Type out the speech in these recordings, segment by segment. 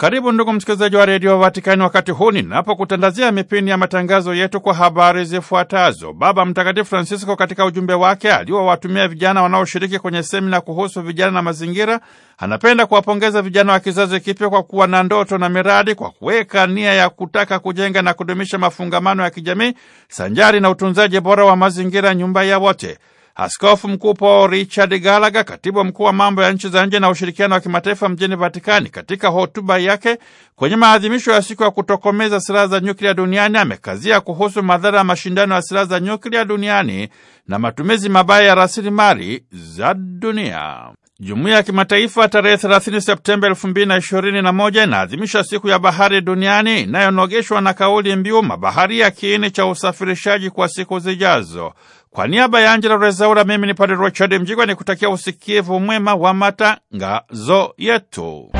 Karibu ndugu msikilizaji wa redio Vatikani wakati huu ninapokutandazia mipini ya matangazo yetu kwa habari zifuatazo. Baba Mtakatifu Francisco katika ujumbe wake aliowatumia vijana wanaoshiriki kwenye semina kuhusu vijana na mazingira, anapenda kuwapongeza vijana wa kizazi kipya kwa kuwa na ndoto na miradi, kwa kuweka nia ya kutaka kujenga na kudumisha mafungamano ya kijamii sanjari na utunzaji bora wa mazingira, nyumba ya wote. Askofu Mkuu Paul Richard Gallagher, katibu mkuu wa mambo ya nchi za nje na ushirikiano wa kimataifa mjini Vatikani, katika hotuba yake kwenye maadhimisho ya siku ya kutokomeza silaha za nyuklia duniani amekazia kuhusu madhara ya mashindano ya silaha za nyuklia duniani na matumizi mabaya ya rasilimali za dunia. Jumuiya ya kimataifa tarehe 30 Septemba 2021 inaadhimisha siku ya bahari duniani inayonogeshwa na kauli mbiu mabahari ya kiini cha usafirishaji kwa siku zijazo. Kwa niaba ya Angela Rezaura, mimi ni Padre Richard Mjigwa ni kutakia usikivu mwema wa matangazo yetu.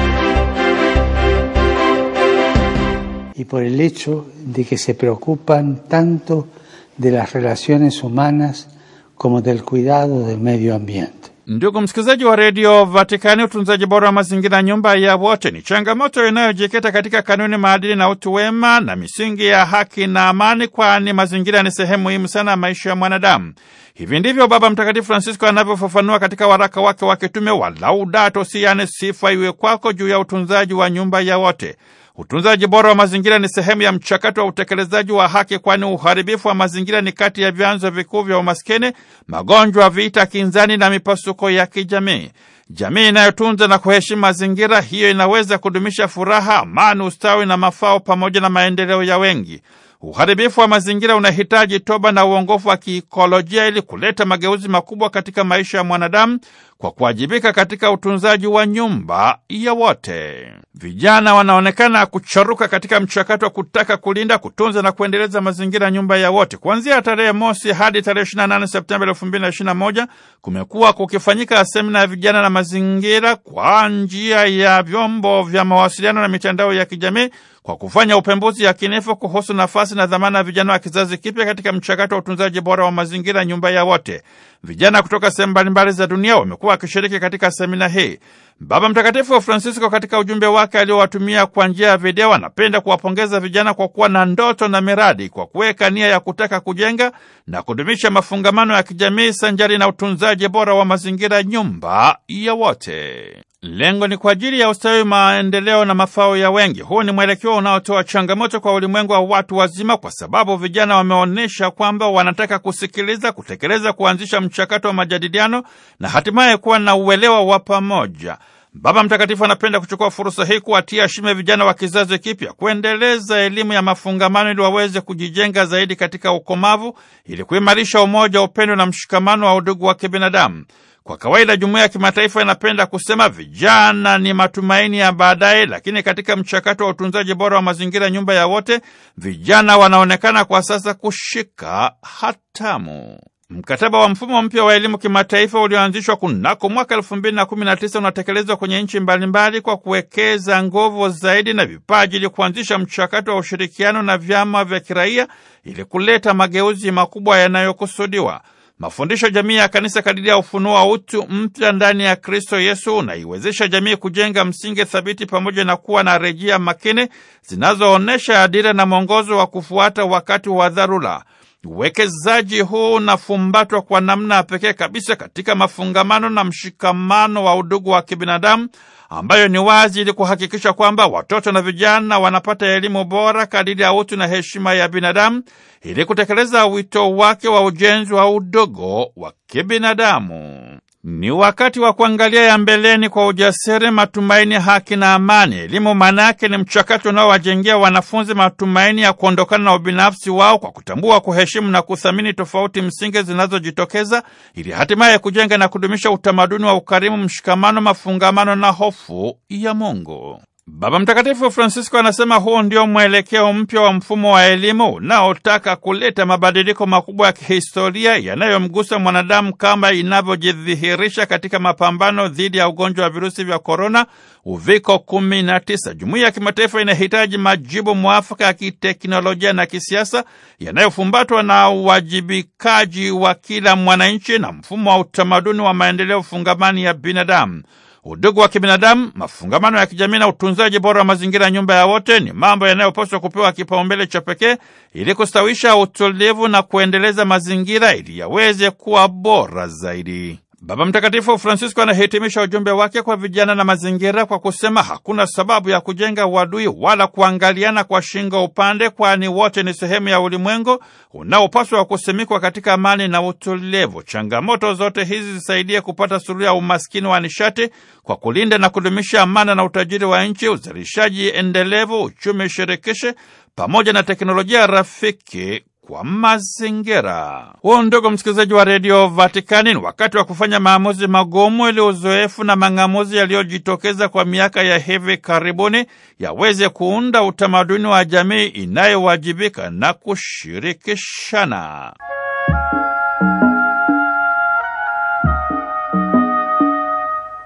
y por el hecho de que se preocupan tanto de las relaciones humanas como del cuidado del medio ambiente. Ndugu msikilizaji wa redio Vatikani, utunzaji bora wa mazingira, nyumba ya wote, ni changamoto inayojikita katika kanuni, maadili na utu wema na misingi ya haki na amani, kwani mazingira ni sehemu muhimu sana ya maisha ya mwanadamu. Hivi ndivyo Baba Mtakatifu Francisco anavyofafanua katika waraka wake wa kitume wa Laudato Si' yaani, sifa iwe kwako, juu ya utunzaji wa nyumba ya wote. Utunzaji bora wa mazingira ni sehemu ya mchakato wa utekelezaji wa haki, kwani uharibifu wa mazingira ni kati ya vyanzo vikuu vya umaskini, magonjwa, vita kinzani na mipasuko ya kijamii. Jamii inayotunza na kuheshimu mazingira, hiyo inaweza kudumisha furaha, amani, ustawi na mafao pamoja na maendeleo ya wengi. Uharibifu wa mazingira unahitaji toba na uongofu wa kiikolojia ili kuleta mageuzi makubwa katika maisha ya mwanadamu, kwa kuwajibika katika utunzaji wa nyumba ya wote. Vijana wanaonekana kucharuka katika mchakato wa kutaka kulinda, kutunza na kuendeleza mazingira nyumba ya wote. Kuanzia tarehe mosi hadi tarehe 28 Septemba 2021 kumekuwa kukifanyika semina ya vijana na mazingira kwa njia ya vyombo vya mawasiliano na mitandao ya kijamii kwa kufanya upembuzi yakinifu kuhusu nafasi na dhamana ya vijana wa kizazi kipya katika mchakato wa utunzaji bora wa mazingira nyumba ya wote. Vijana kutoka sehemu mbalimbali za dunia wamekuwa alipokuwa akishiriki katika semina hii. Baba Mtakatifu wa Francisco katika ujumbe wake aliowatumia kwa njia ya video anapenda kuwapongeza vijana kwa kuwa na ndoto na miradi, kwa kuweka nia ya kutaka kujenga na kudumisha mafungamano ya kijamii sanjari na utunzaji bora wa mazingira, nyumba ya wote. Lengo ni kwa ajili ya ustawi, maendeleo na mafao ya wengi. Huu ni mwelekeo unaotoa changamoto kwa ulimwengu wa watu wazima, kwa sababu vijana wameonyesha kwamba wanataka kusikiliza, kutekeleza, kuanzisha mchakato wa majadiliano na hatimaye kuwa na uelewa wa pamoja. Baba Mtakatifu anapenda kuchukua fursa hii kuwatia shime vijana wa kizazi kipya kuendeleza elimu ya mafungamano ili waweze kujijenga zaidi katika ukomavu, ili kuimarisha umoja, upendo na mshikamano wa udugu wa kibinadamu. Kwa kawaida jumuiya ya kimataifa inapenda kusema vijana ni matumaini ya baadaye, lakini katika mchakato wa utunzaji bora wa mazingira, nyumba ya wote, vijana wanaonekana kwa sasa kushika hatamu. Mkataba wa mfumo mpya wa elimu kimataifa ulioanzishwa kunako mwaka elfu mbili na kumi na tisa unatekelezwa kwenye nchi mbalimbali kwa kuwekeza nguvu zaidi na vipaji ili kuanzisha mchakato wa ushirikiano na vyama vya kiraia ili kuleta mageuzi makubwa yanayokusudiwa. Mafundisho jamii ya kanisa kadiri ya ufunua utu mpya ndani ya Kristo Yesu unaiwezesha jamii kujenga msingi thabiti pamoja na kuwa na rejea makini zinazoonyesha adira na mwongozo wa kufuata wakati wa dharura. Uwekezaji huu unafumbatwa kwa namna pekee kabisa katika mafungamano na mshikamano wa udugu wa kibinadamu ambayo ni wazi ili kuhakikisha kwamba watoto na vijana wanapata elimu bora kadiri ya utu na heshima ya binadamu ili kutekeleza wito wake wa ujenzi wa udogo wa kibinadamu. Ni wakati wa kuangalia ya mbeleni kwa ujasiri, matumaini, haki na amani. Elimu maana yake ni mchakato unaowajengea wanafunzi matumaini ya kuondokana na ubinafsi wao kwa kutambua, kuheshimu na kuthamini tofauti msingi zinazojitokeza ili hatimaye kujenga na kudumisha utamaduni wa ukarimu, mshikamano, mafungamano na hofu ya Mungu. Baba Mtakatifu Francisco anasema huu ndio mwelekeo mpya wa mfumo wa elimu unaotaka kuleta mabadiliko makubwa ya kihistoria yanayomgusa mwanadamu kama inavyojidhihirisha katika mapambano dhidi ya ugonjwa wa virusi vya korona, uviko 19. Jumuiya ya kimataifa inahitaji majibu mwafaka ya kiteknolojia na kisiasa yanayofumbatwa na uwajibikaji wa kila mwananchi na mfumo wa utamaduni wa maendeleo fungamani ya binadamu udugu wa kibinadamu, mafungamano ya kijamii na utunzaji bora wa mazingira, ya nyumba ya wote, ni mambo yanayopaswa kupewa kipaumbele cha pekee ili kustawisha utulivu na kuendeleza mazingira ili yaweze kuwa bora zaidi. Baba Mtakatifu Francisco anahitimisha ujumbe wake kwa vijana na mazingira kwa kusema hakuna sababu ya kujenga uadui wala kuangaliana kwa shingo upande, kwani wote ni sehemu ya ulimwengu unaopaswa kusimikwa katika amani na utulivu. Changamoto zote hizi zisaidie kupata suluhu ya umaskini wa nishati kwa kulinda na kudumisha amana na utajiri wa nchi, uzalishaji endelevu, uchumi shirikishi pamoja na teknolojia rafiki kwa mazingira. Huu, ndugu msikilizaji wa redio Vatikani, ni wakati wa kufanya maamuzi magumu ili uzoefu na mang'amuzi yaliyojitokeza kwa miaka ya hivi karibuni yaweze kuunda utamaduni wa jamii inayowajibika na kushirikishana.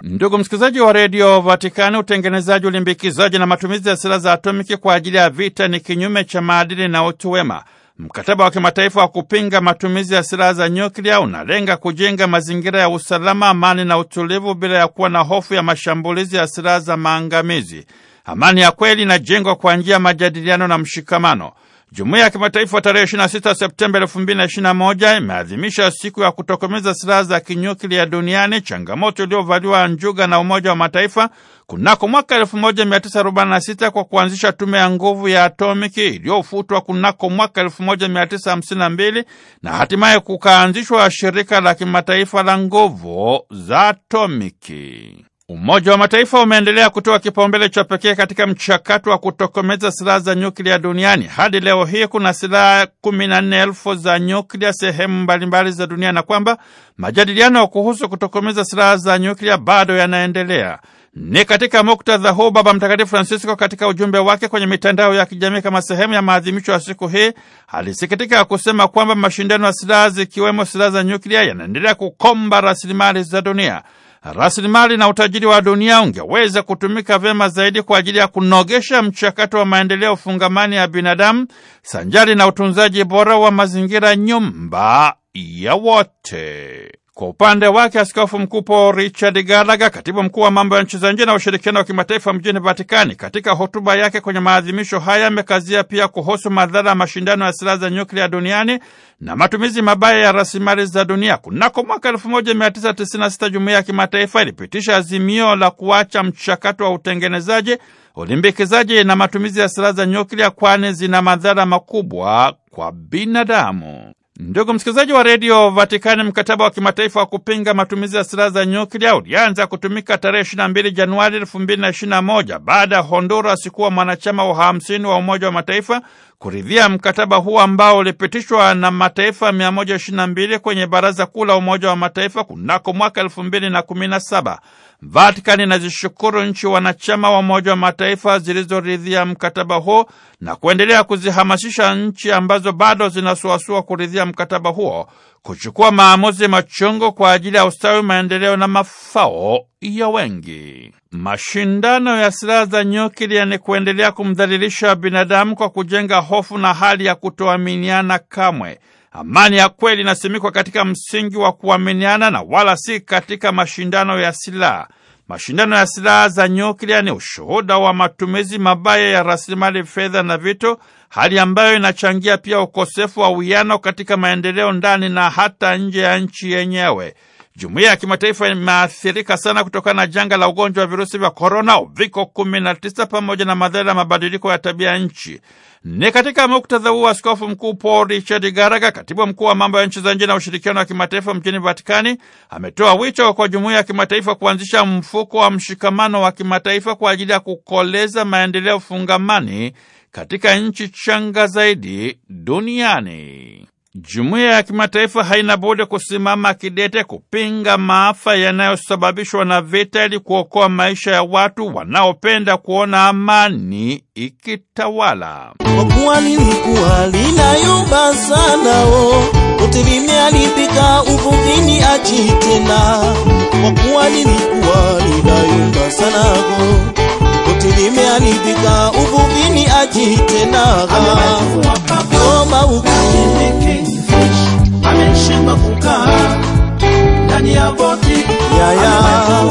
Ndugu msikilizaji wa redio Vatikani, utengenezaji, ulimbikizaji na matumizi ya silaha za atomiki kwa ajili ya vita ni kinyume cha maadili na utu wema. Mkataba wa kimataifa wa kupinga matumizi ya silaha za nyuklia unalenga kujenga mazingira ya usalama, amani na utulivu bila ya kuwa na hofu ya mashambulizi ya silaha za maangamizi. Amani ya kweli inajengwa kwa njia ya majadiliano na mshikamano. Jumuiya ya kimataifa tarehe 26 Septemba 2021 imeadhimisha siku ya kutokomeza silaha za kinyuklia duniani, changamoto iliyovaliwa njuga na Umoja wa Mataifa kunako mwaka 1946 kwa kuanzisha tume ya nguvu ya atomiki iliyofutwa kunako mwaka 1952 na hatimaye kukaanzishwa shirika la kimataifa la nguvu za atomiki. Umoja wa Mataifa umeendelea kutoa kipaumbele cha pekee katika mchakato wa kutokomeza silaha za nyuklia duniani. Hadi leo hii kuna silaha kumi na nne elfu za nyuklia sehemu mbalimbali za dunia, na kwamba majadiliano kuhusu kutokomeza silaha za nyuklia bado yanaendelea. Ni katika muktadha huu Baba Mtakatifu Francisco katika ujumbe wake kwenye mitandao ya kijamii kama sehemu ya maadhimisho ya siku hii alisikitika kusema kwamba mashindano ya silaha zikiwemo silaha za nyuklia yanaendelea kukomba rasilimali za dunia rasilimali na utajiri wa dunia ungeweza kutumika vyema zaidi kwa ajili ya kunogesha mchakato wa maendeleo fungamani ya binadamu sanjari na utunzaji bora wa mazingira, nyumba ya wote. Kwa upande wake Askofu Mkuu Paul Richard Gallagher, katibu mkuu wa mambo ya nchi za nje na ushirikiano wa kimataifa mjini Vatikani, katika hotuba yake kwenye maadhimisho haya amekazia pia kuhusu madhara ya mashindano ya silaha za nyuklia duniani na matumizi mabaya ya rasilimali za dunia. Kunako mwaka 1996 jumuiya ya kimataifa ilipitisha azimio la kuacha mchakato wa utengenezaji, ulimbikizaji na matumizi ya silaha za nyuklia, kwani zina madhara makubwa kwa binadamu. Ndugu msikilizaji wa redio Vatikani, mkataba wa kimataifa wa kupinga matumizi ya silaha za nyuklia ulianza kutumika tarehe 22 Januari 2021 baada ya Honduras kuwa mwanachama wa hamsini wa Umoja wa Mataifa kuridhia mkataba huo ambao ulipitishwa na mataifa 122 kwenye Baraza Kuu la Umoja wa Mataifa kunako mwaka 2017. Vatikani inazishukuru nchi wanachama wa Umoja wa Mataifa zilizoridhia mkataba huo na kuendelea kuzihamasisha nchi ambazo bado zinasuasua kuridhia mkataba huo kuchukua maamuzi machungu kwa ajili ya ustawi, maendeleo na mafao ya wengi. Mashindano ya silaha za nyuklia ni kuendelea kumdhalilisha binadamu kwa kujenga hofu na hali ya kutoaminiana kamwe. Amani ya kweli inasimikwa katika msingi wa kuaminiana na wala si katika mashindano ya silaha. Mashindano ya silaha za nyuklia ni ushuhuda wa matumizi mabaya ya rasilimali fedha na vitu, hali ambayo inachangia pia ukosefu wa uwiano katika maendeleo ndani na hata nje ya nchi yenyewe. Jumuiya ya kimataifa imeathirika sana kutokana na janga la ugonjwa wa virusi vya korona, uviko 19, pamoja na madhara ya mabadiliko ya tabia nchi. Ni katika muktadha huu Askofu Mkuu Paul Richard Garaga, katibu mkuu wa mambo ya nchi za nje na ushirikiano wa kimataifa mjini Vatikani, ametoa wito kwa jumuiya ya kimataifa kuanzisha mfuko wa mshikamano wa kimataifa kwa ajili ya kukoleza maendeleo fungamani katika nchi changa zaidi duniani. Jumuiya ya kimataifa haina budi kusimama kidete kupinga maafa yanayosababishwa na vita ili kuokoa maisha ya watu wanaopenda kuona amani ikitawala. Kwa kuwa ni mkuwa linayumba sana o utilime lipika achi tena. Kwa kuwa linayumba sana o oh. Eti nimeharibika uvuvini aji tena Goma ya boti ya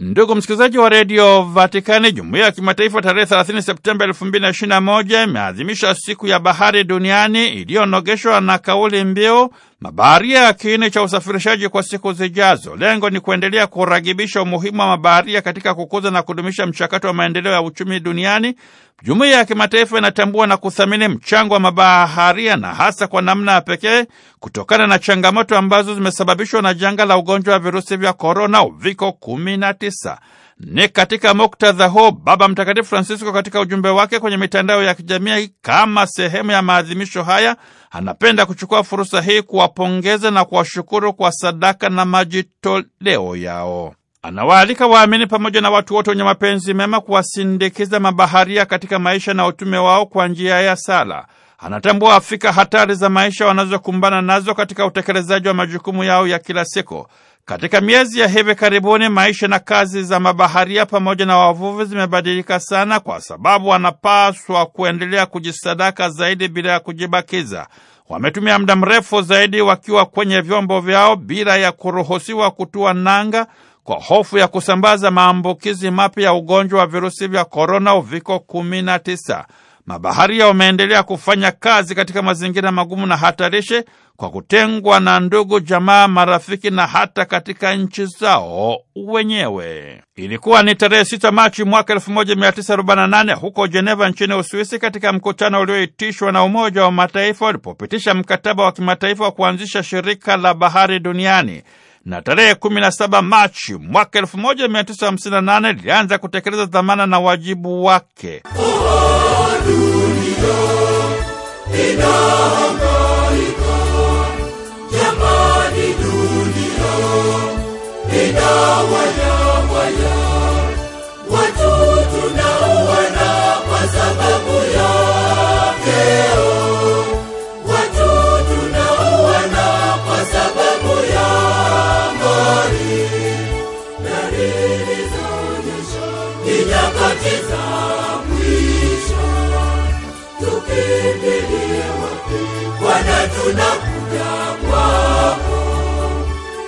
Ndugu msikilizaji wa redio Vatikani, jumuiya ya kimataifa tarehe 30 Septemba 2021 imeadhimisha siku ya bahari duniani iliyonogeshwa na kauli mbiu mabaharia ya kiini cha usafirishaji kwa siku zijazo. Lengo ni kuendelea kuragibisha umuhimu wa mabaharia katika kukuza na kudumisha mchakato wa maendeleo ya uchumi duniani. Jumuiya ya kimataifa inatambua na kuthamini mchango wa mabaharia na hasa kwa namna ya pekee kutokana na changamoto ambazo zimesababishwa na janga la ugonjwa wa virusi vya korona, uviko 19. Ni katika muktadha huo Baba Mtakatifu Francisco katika ujumbe wake kwenye mitandao ya kijamii kama sehemu ya maadhimisho haya, anapenda kuchukua fursa hii kuwapongeza na kuwashukuru kwa sadaka na majitoleo yao. Anawaalika waamini pamoja na watu wote wenye mapenzi mema kuwasindikiza mabaharia katika maisha na utume wao kwa njia ya sala. Anatambua afika hatari za maisha wanazokumbana nazo katika utekelezaji wa majukumu yao ya kila siku. Katika miezi ya hivi karibuni maisha na kazi za mabaharia pamoja na wavuvi zimebadilika sana, kwa sababu wanapaswa kuendelea kujisadaka zaidi bila ya kujibakiza. Wametumia muda mrefu zaidi wakiwa kwenye vyombo vyao bila ya kuruhusiwa kutua nanga kwa hofu ya kusambaza maambukizi mapya ya ugonjwa wa virusi vya korona, uviko 19. Mabaharia wameendelea kufanya kazi katika mazingira magumu na hatarishi kwa kutengwa na ndugu, jamaa, marafiki na hata katika nchi zao wenyewe. Ilikuwa ni tarehe 6 Machi mwaka 1948 huko Jeneva nchini Uswisi, katika mkutano ulioitishwa na Umoja wa Mataifa ulipopitisha mkataba wa kimataifa wa kuanzisha shirika la bahari duniani na tarehe 17 Machi mwaka 1958 lilianza kutekeleza dhamana na wajibu wake. Inawaya waya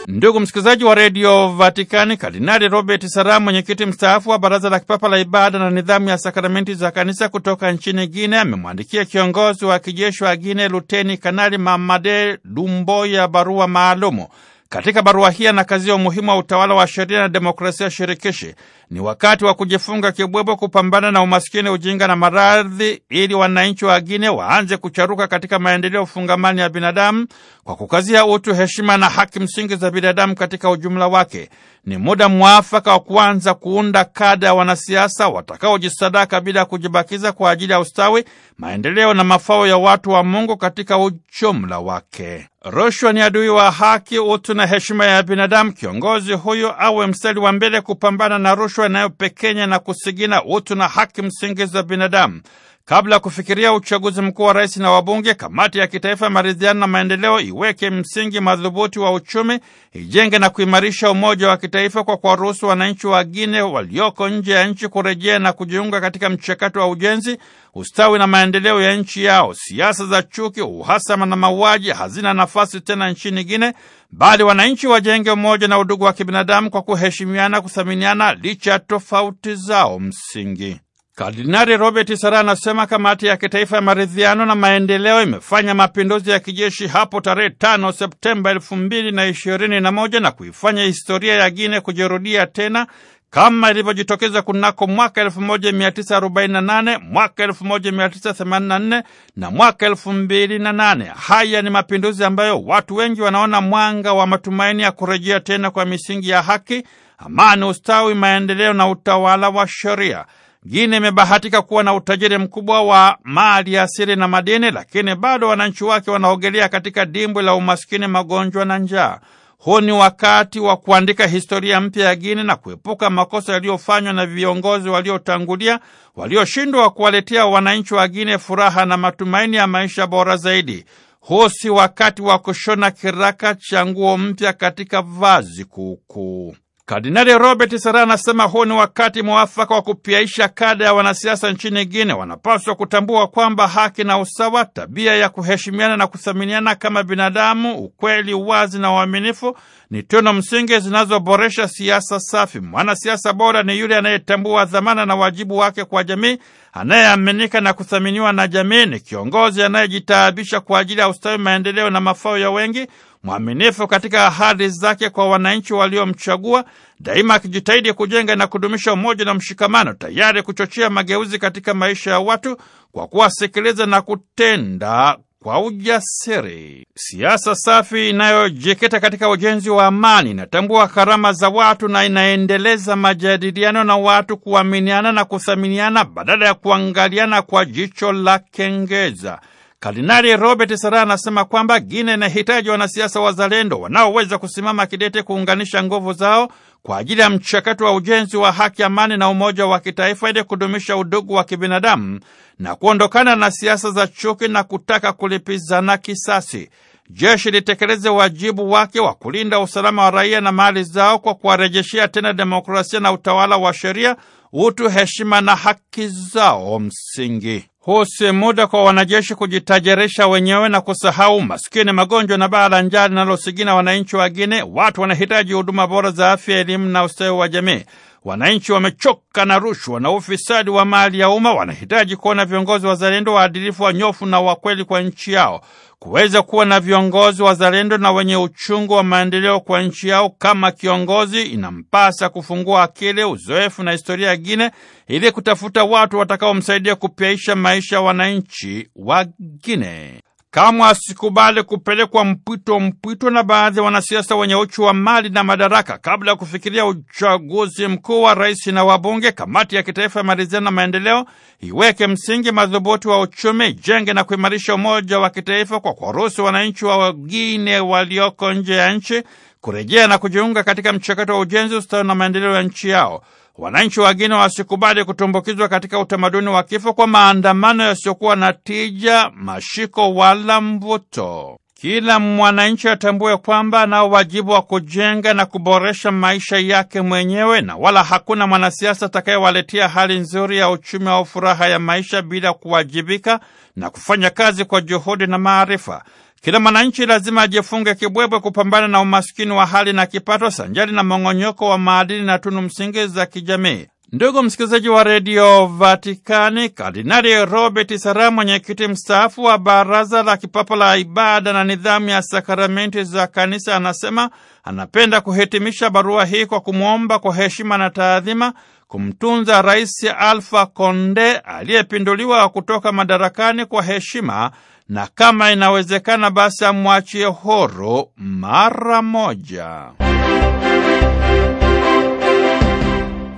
Ndugu msikilizaji wa redio Vatikani, Kardinali Robert saram mwenyekiti mstaafu wa Baraza la Kipapa la Ibada na Nidhamu ya Sakramenti za Kanisa kutoka nchini Guine, amemwandikia kiongozi wa kijeshi wa Guine, Luteni Kanali Mamade Dumboya barua maalumu katika barua hii anakazia umuhimu wa utawala wa sheria na demokrasia shirikishi. Ni wakati wa kujifunga kibwebo, kupambana na umaskini, ujinga na maradhi, ili wananchi Gine waanze kucharuka katika maendeleo fungamani ya binadamu, kwa kukazia utu, heshima na haki msingi za binadamu katika ujumla wake ni muda mwafaka wa kuanza kuunda kada ya wanasiasa watakaojisadaka bila kujibakiza kwa ajili ya ustawi, maendeleo na mafao ya watu wa Mungu katika ujumla wake. Rushwa ni adui wa haki, utu na heshima ya binadamu. Kiongozi huyu awe mstari wa mbele kupambana na rushwa inayopekenya na kusigina utu na haki msingi za binadamu. Kabla ya kufikiria uchaguzi mkuu wa rais na wabunge, kamati ya kitaifa ya maridhiano na maendeleo iweke msingi madhubuti wa uchumi, ijenge na kuimarisha umoja wa kitaifa kwa kuwaruhusu wananchi Gine walioko nje ya nchi kurejea na kujiunga katika mchakato wa ujenzi, ustawi na maendeleo ya nchi yao. Siasa za chuki, uhasama na mauaji hazina nafasi tena nchini gine bali wananchi wajenge umoja na udugu wa kibinadamu kwa kuheshimiana, kuthaminiana licha ya tofauti zao msingi. Kardinali Robert Sara anasema kamati ya kitaifa ya maridhiano na maendeleo imefanya mapinduzi ya kijeshi hapo tarehe 5 Septemba 2021 na na na kuifanya historia ya Guinea kujirudia tena kama ilivyojitokeza kunako mwaka 1948, mwaka 1984 na mwaka 2008. Haya ni mapinduzi ambayo watu wengi wanaona mwanga wa matumaini ya kurejea tena kwa misingi ya haki, amani, ustawi, maendeleo na utawala wa sheria. Guinea imebahatika kuwa na utajiri mkubwa wa mali asili na madini, lakini bado wananchi wake wanaogelea katika dimbwi la umaskini, magonjwa na njaa. Huu ni wakati wa kuandika historia mpya ya Guinea na kuepuka makosa yaliyofanywa na viongozi waliotangulia walioshindwa kuwaletea wananchi wa Guinea furaha na matumaini ya maisha bora zaidi. Huu si wakati wa kushona kiraka cha nguo mpya katika vazi kuukuu. Kardinali Robert sara anasema huu ni wakati mwafaka wa kupiaisha kada ya wanasiasa nchini Guinea. Wanapaswa kutambua kwamba haki na usawa, tabia ya kuheshimiana na kuthaminiana kama binadamu, ukweli, uwazi na uaminifu ni tuno msingi zinazoboresha siasa safi. Mwanasiasa bora ni yule anayetambua dhamana na wajibu wake kwa jamii, anayeaminika na kuthaminiwa na jamii. Ni kiongozi anayejitaabisha kwa ajili ya ustawi, maendeleo na mafao ya wengi mwaminifu katika ahadi zake kwa wananchi waliomchagua, daima akijitahidi kujenga na kudumisha umoja na mshikamano, tayari kuchochea mageuzi katika maisha ya watu kwa kuwasikiliza na kutenda kwa ujasiri. Siasa safi inayojikita katika ujenzi wa amani, inatambua karama za watu na inaendeleza majadiliano na watu kuaminiana na kuthaminiana badala ya kuangaliana kwa jicho la kengeza. Kardinali Robert sara anasema kwamba guine inahitaji wanasiasa wazalendo wanaoweza kusimama kidete kuunganisha nguvu zao kwa ajili ya mchakato wa ujenzi wa haki, amani na umoja wa kitaifa ili kudumisha udugu wa kibinadamu na kuondokana na siasa za chuki na kutaka kulipizana kisasi. Jeshi litekeleze wajibu wake wa kulinda usalama wa raia na mali zao kwa kuwarejeshea tena demokrasia na utawala wa sheria, utu, heshima na haki zao msingi. Huu si muda kwa wanajeshi kujitajirisha wenyewe na kusahau maskini, magonjwa na baa la njaa linalosigina wananchi wengine. Watu wanahitaji huduma bora za afya, elimu na ustawi wa jamii. Wananchi wamechoka na rushwa na ufisadi wa mali ya umma. Wanahitaji kuona viongozi wazalendo waadilifu, wanyofu na wakweli kwa nchi yao, kuweza kuwa na viongozi wazalendo na wenye uchungu wa maendeleo kwa nchi yao. Kama kiongozi, inampasa kufungua akili, uzoefu na historia yingine, ili kutafuta watu watakaomsaidia kupyaisha maisha ya wananchi wengine kamwe asikubali kupelekwa mpwito mpwito na baadhi ya wanasiasa wenye uchu wa mali na madaraka. Kabla ya kufikiria uchaguzi mkuu wa rais na wabunge, kamati ya kitaifa ya maridhiano na maendeleo iweke msingi madhubuti wa uchumi, jenge na kuimarisha umoja wa kitaifa kwa kuwaruhusu wananchi wa wengine walioko nje ya nchi kurejea na kujiunga katika mchakato wa ujenzi, ustawi na maendeleo ya nchi yao. Wananchi wengine wasikubali kutumbukizwa katika utamaduni wa kifo kwa maandamano yasiyokuwa na tija, mashiko wala mvuto. Kila mwananchi atambue kwamba anao wajibu wa kujenga na kuboresha maisha yake mwenyewe, na wala hakuna mwanasiasa atakayewaletea hali nzuri ya uchumi au furaha ya maisha bila kuwajibika na kufanya kazi kwa juhudi na maarifa. Kila mwananchi lazima ajifunge kibwebwe kupambana na umaskini wa hali na kipato sanjari na mong'onyoko wa maadili na tunu msingi za kijamii. Ndugu msikilizaji wa redio Vatikani, Kardinali Robert Sara, mwenyekiti mstaafu wa Baraza la Kipapa la Ibada na Nidhamu ya Sakramenti za Kanisa, anasema anapenda kuhitimisha barua hii kwa kumwomba kwa heshima na taadhima kumtunza Rais Alpha Konde aliyepinduliwa kutoka madarakani kwa heshima na kama inawezekana basi amwachie horo mara moja.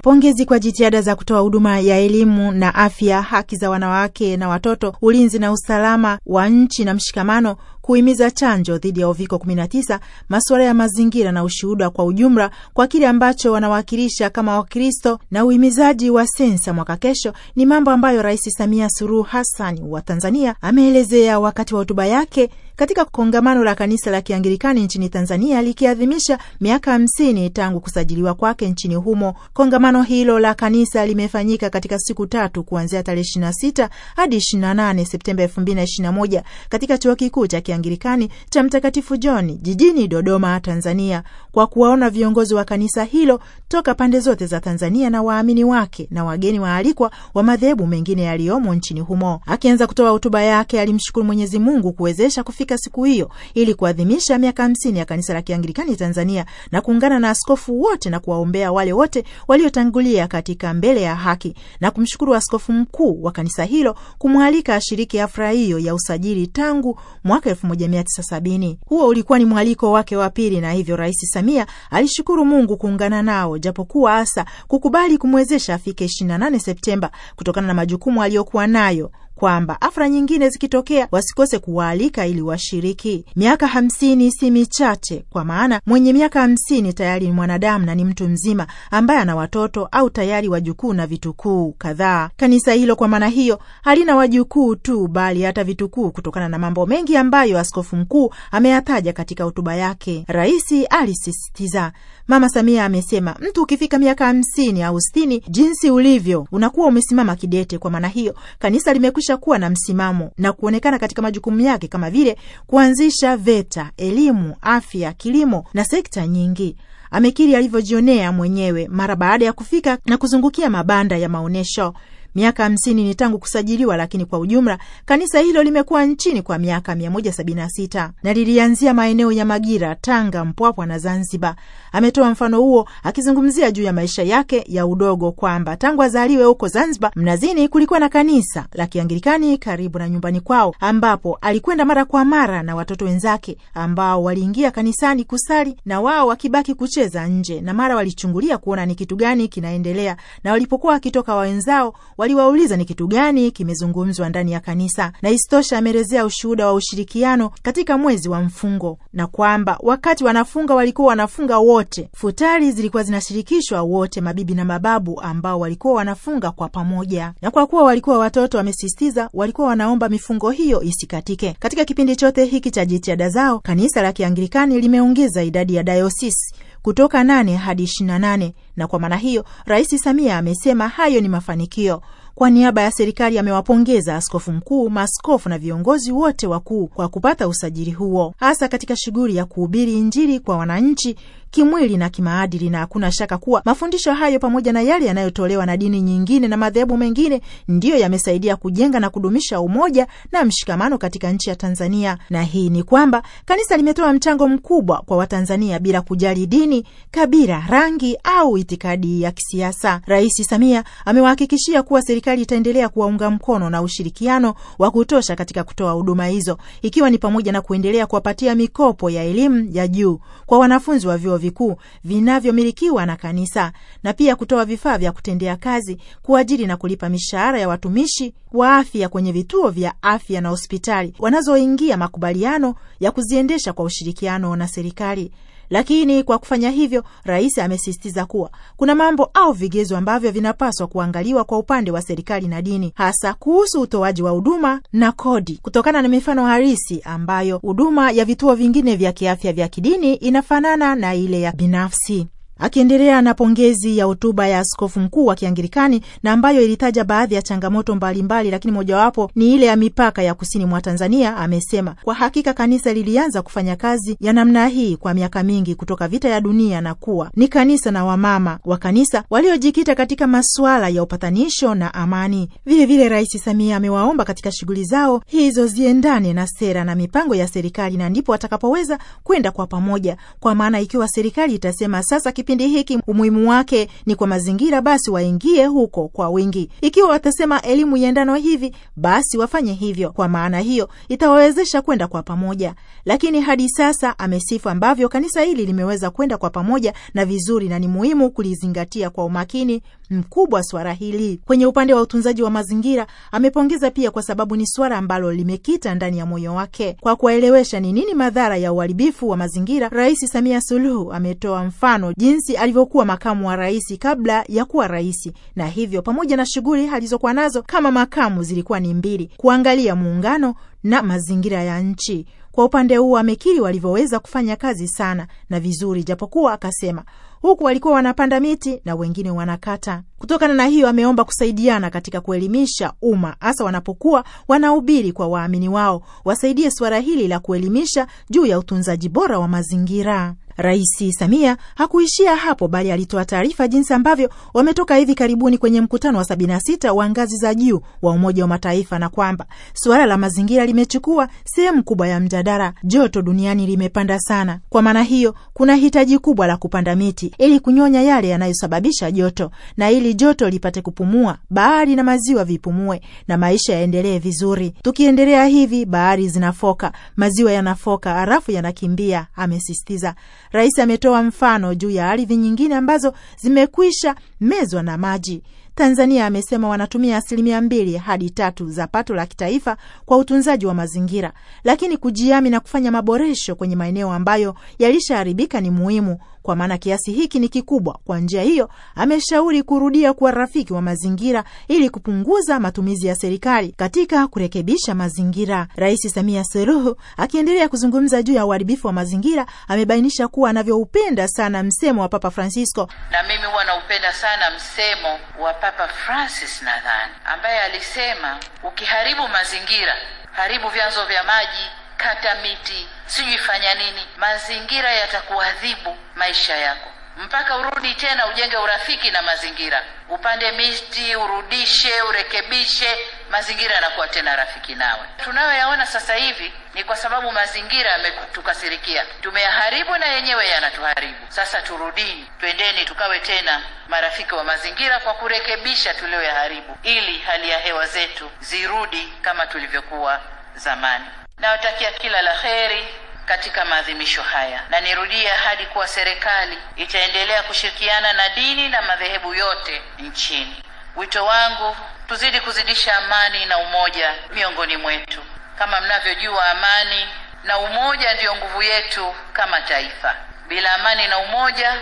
Pongezi kwa jitihada za kutoa huduma ya elimu na afya, haki za wanawake na watoto, ulinzi na usalama wa nchi na mshikamano kuhimiza chanjo dhidi ya uviko 19, masuala ya mazingira na ushuhuda kwa ujumla kwa kile ambacho wanawakilisha kama Wakristo na uhimizaji wa sensa mwaka kesho, ni mambo ambayo Rais Samia Suluhu Hassan wa Tanzania ameelezea wakati wa hotuba yake katika kongamano la kanisa la kiangirikani nchini Tanzania likiadhimisha miaka hamsini tangu kusajiliwa kwake nchini humo. Kongamano hilo la kanisa limefanyika katika siku tatu kuanzia tarehe 26 hadi 28 Septemba 2021 katika chuo kikuu cha Kiangirikani cha Mtakatifu John jijini Dodoma, Tanzania, kwa kuwaona viongozi wa kanisa hilo toka pande zote za Tanzania na waamini wake na wageni waalikwa wa madhehebu mengine yaliyomo nchini humo. Akianza kutoa hotuba yake, alimshukuru Mwenyezi Mungu kuwezesha kufika siku hiyo ili kuadhimisha miaka hamsini ya kanisa la Kianglikani Tanzania na kuungana na askofu wote na kuwaombea wale wote waliotangulia katika mbele ya haki na kumshukuru askofu mkuu wa kanisa hilo kumwalika ashiriki hafla hiyo ya usajili tangu mwaka 1970. Huo ulikuwa ni mwaliko wake wa pili, na hivyo Rais Samia alishukuru Mungu kuungana nao, japokuwa hasa kukubali kumwezesha afike 28 Septemba kutokana na majukumu aliyokuwa nayo kwamba afra nyingine zikitokea wasikose kuwaalika ili washiriki. Miaka hamsini si michache, kwa maana mwenye miaka hamsini tayari ni mwanadamu na ni mtu mzima ambaye ana watoto au tayari wajukuu na vitukuu kadhaa. Kanisa hilo kwa maana hiyo halina wajukuu tu, bali hata vitukuu, kutokana na mambo mengi ambayo askofu mkuu ameyataja katika hotuba yake. Rais alisisitiza Mama Samia amesema mtu ukifika miaka hamsini au sitini, jinsi ulivyo unakuwa umesimama kidete. Kwa maana hiyo, kanisa limekwisha kuwa na msimamo na kuonekana katika majukumu yake kama vile kuanzisha VETA, elimu, afya, kilimo na sekta nyingi. Amekiri alivyojionea mwenyewe mara baada ya kufika na kuzungukia mabanda ya maonyesho. Miaka hamsini ni tangu kusajiliwa, lakini kwa ujumla kanisa hilo limekuwa nchini kwa miaka 176 na lilianzia maeneo ya Magira, Tanga, Mpwapwa na Zanzibar. Ametoa mfano huo akizungumzia juu ya maisha yake ya udogo kwamba tangu azaliwe huko Zanzibar, Mnazini, kulikuwa na kanisa la Kianglikani karibu na nyumbani kwao, ambapo alikwenda mara kwa mara na watoto wenzake ambao waliingia kanisani kusali na wao wakibaki kucheza nje, na mara walichungulia kuona ni kitu gani kinaendelea, na walipokuwa wakitoka wenzao waliwauliza ni kitu gani kimezungumzwa ndani ya kanisa, na isitosha ameelezea ushuhuda wa ushirikiano katika mwezi wa mfungo na kwamba wakati wanafunga walikuwa wanafunga wote, futari zilikuwa zinashirikishwa wote, mabibi na mababu ambao walikuwa wanafunga kwa pamoja, na kwa kuwa walikuwa watoto, wamesistiza walikuwa wanaomba mifungo hiyo isikatike. Katika kipindi chote hiki cha jitihada zao, kanisa la Kianglikani limeongeza idadi ya dayosisi kutoka nane hadi ishirini na nane na kwa maana hiyo Rais Samia amesema hayo ni mafanikio. Kwa niaba ya serikali amewapongeza askofu mkuu, maskofu na viongozi wote wakuu kwa kupata usajili huo, hasa katika shughuli ya kuhubiri Injili kwa wananchi kimwili na kimaadili, na hakuna shaka kuwa mafundisho hayo pamoja na yale yanayotolewa na dini nyingine na madhehebu mengine ndiyo yamesaidia kujenga na kudumisha umoja na mshikamano katika nchi ya Tanzania, na hii ni kwamba kanisa limetoa mchango mkubwa kwa Watanzania bila kujali dini, kabila, rangi au itikadi ya kisiasa. Rais Samia amewahakikishia kuwa serikali itaendelea kuwaunga mkono na ushirikiano wa kutosha katika kutoa huduma hizo, ikiwa ni pamoja na kuendelea kuwapatia mikopo ya elimu ya juu kwa wanafunzi wa vyuo vikuu vinavyomilikiwa na kanisa na pia kutoa vifaa vya kutendea kazi, kuajiri na kulipa mishahara ya watumishi wa afya kwenye vituo vya afya na hospitali wanazoingia makubaliano ya kuziendesha kwa ushirikiano na serikali. Lakini kwa kufanya hivyo, rais amesisitiza kuwa kuna mambo au vigezo ambavyo vinapaswa kuangaliwa kwa upande wa serikali na dini, hasa kuhusu utoaji wa huduma na kodi, kutokana na mifano halisi ambayo huduma ya vituo vingine vya kiafya vya kidini inafanana na ile ya binafsi. Akiendelea na pongezi ya hotuba ya askofu mkuu wa kiangirikani na ambayo ilitaja baadhi ya changamoto mbalimbali mbali, lakini mojawapo ni ile ya mipaka ya kusini mwa Tanzania, amesema kwa hakika kanisa lilianza kufanya kazi ya namna hii kwa miaka mingi kutoka vita ya dunia na kuwa ni kanisa na wamama wa kanisa waliojikita katika masuala ya upatanisho na amani. Vilevile Rais Samia amewaomba katika shughuli zao hizo ziendane na sera na mipango ya serikali, na ndipo watakapoweza kwenda kwa pamoja, kwa maana ikiwa serikali itasema sasa kipi kipindi hiki umuhimu wake ni kwa mazingira, basi waingie huko kwa wingi. Ikiwa watasema elimu iendano hivi, basi wafanye hivyo, kwa maana hiyo itawawezesha kwenda kwa pamoja. Lakini hadi sasa amesifu ambavyo kanisa hili limeweza kwenda kwa pamoja na vizuri, na ni muhimu kulizingatia kwa umakini mkubwa swara hili. Kwenye upande wa utunzaji wa mazingira, amepongeza pia kwa sababu ni swara ambalo limekita ndani ya moyo wake, kwa kuwaelewesha ni nini madhara ya uharibifu wa mazingira. Rais Samia Suluhu ametoa mfano jinsi jinsi alivyokuwa makamu wa rais kabla ya kuwa rais, na hivyo pamoja na shughuli alizokuwa nazo kama makamu zilikuwa ni mbili: kuangalia muungano na mazingira ya nchi. Kwa upande huo amekiri walivyoweza kufanya kazi sana na vizuri, japokuwa akasema huku walikuwa wanapanda miti na wengine wanakata. Kutokana na hiyo, ameomba kusaidiana katika kuelimisha umma, hasa wanapokuwa wanahubiri kwa waamini wao, wasaidie suala hili la kuelimisha juu ya utunzaji bora wa mazingira. Rais Samia hakuishia hapo, bali alitoa taarifa jinsi ambavyo wametoka hivi karibuni kwenye mkutano wa 76 wa ngazi za juu wa Umoja wa Mataifa na kwamba suala la mazingira limechukua sehemu kubwa ya mjadala. Joto duniani limepanda sana, kwa maana hiyo kuna hitaji kubwa la kupanda miti ili kunyonya yale yanayosababisha joto, na ili joto lipate kupumua, bahari na maziwa vipumue na maisha yaendelee vizuri. Tukiendelea hivi, bahari zinafoka, maziwa yanafoka, halafu yanakimbia, amesisitiza. Rais ametoa mfano juu ya ardhi nyingine ambazo zimekwisha mezwa na maji Tanzania amesema wanatumia asilimia mbili hadi tatu za pato la kitaifa kwa utunzaji wa mazingira, lakini kujiami na kufanya maboresho kwenye maeneo ambayo yalishaharibika ni muhimu, kwa maana kiasi hiki ni kikubwa. Kwa njia hiyo, ameshauri kurudia kuwa rafiki wa mazingira ili kupunguza matumizi ya serikali katika kurekebisha mazingira. Rais Samia Suluhu akiendelea kuzungumza juu ya uharibifu wa mazingira, amebainisha kuwa anavyoupenda sana msemo wa Papa Francisco, na mimi huwa naupenda sana msemo wa Papa Francis nadhani, ambaye alisema ukiharibu mazingira, haribu vyanzo vya maji, kata miti, sijui fanya nini, mazingira yatakuadhibu maisha yako mpaka urudi tena ujenge urafiki na mazingira, upande miti, urudishe, urekebishe mazingira yanakuwa tena rafiki nawe. Tunayoyaona sasa hivi ni kwa sababu mazingira yametukasirikia, tumeyaharibu na yenyewe yanatuharibu. Sasa turudini, twendeni tukawe tena marafiki wa mazingira kwa kurekebisha tuliyoyaharibu, ili hali ya hewa zetu zirudi kama tulivyokuwa zamani. Nawatakia kila la heri katika maadhimisho haya, na nirudia hadi kuwa serikali itaendelea kushirikiana na dini na madhehebu yote nchini Wito wangu tuzidi kuzidisha amani na umoja miongoni mwetu. Kama mnavyojua, amani na umoja ndiyo nguvu yetu kama taifa. Bila amani na umoja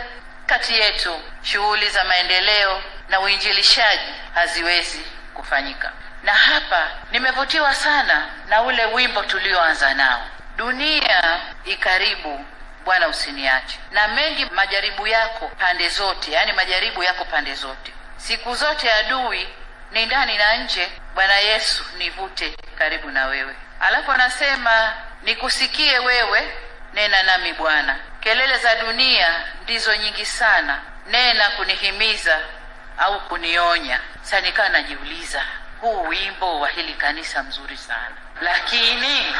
kati yetu, shughuli za maendeleo na uinjilishaji haziwezi kufanyika. Na hapa nimevutiwa sana na ule wimbo tulioanza nao, dunia ikaribu Bwana usiniache, na mengi majaribu yako pande zote, yaani majaribu yako pande zote Siku zote adui ni ndani na nje. Bwana Yesu, nivute karibu na wewe. Alafu anasema nikusikie wewe, nena nami Bwana. Kelele za dunia ndizo nyingi sana, nena kunihimiza au kunionya. Sasa nikaa najiuliza, huu wimbo wa hili kanisa mzuri sana, lakini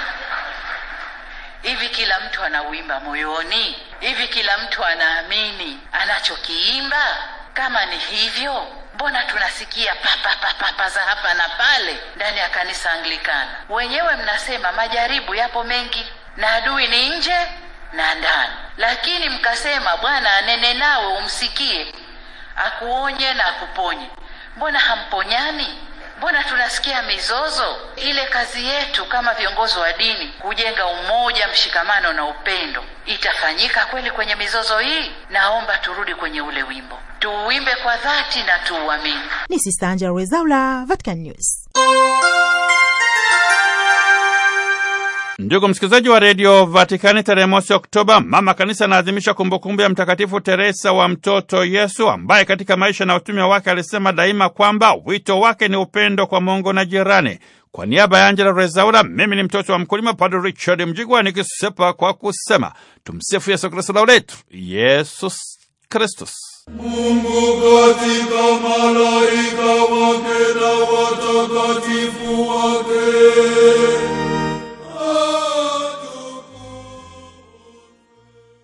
hivi kila mtu anauimba moyoni? Hivi kila mtu anaamini anachokiimba? Kama ni hivyo, mbona tunasikia papa papa papa za hapa na pale ndani ya kanisa Anglikana? Wenyewe mnasema majaribu yapo mengi na adui ni nje na ndani, lakini mkasema Bwana anene nawe umsikie, akuonye na akuponye. Mbona hamponyani? Mbona tunasikia mizozo? Ile kazi yetu kama viongozi wa dini kujenga umoja, mshikamano na upendo itafanyika kweli kwenye mizozo hii? Naomba turudi kwenye ule wimbo, tuuimbe kwa dhati na tuuamini. Ni Sista Angela Rezaula, Vatican News. Ndugu msikilizaji wa redio Vatikani, tarehe mosi Oktoba mama kanisa anaadhimisha kumbukumbu ya Mtakatifu Teresa wa mtoto Yesu, ambaye katika maisha na utumia wake alisema daima kwamba wito wake ni upendo kwa Mungu na jirani. Kwa niaba ya Angela Rezaula, mimi ni mtoto wa mkulima Padre Richard Mjigwa nikisepa kwa kusema tumsifu Yesu Kristu, lauletu Yesus Kristus. Mungu katika malaika wake na watakatifu wake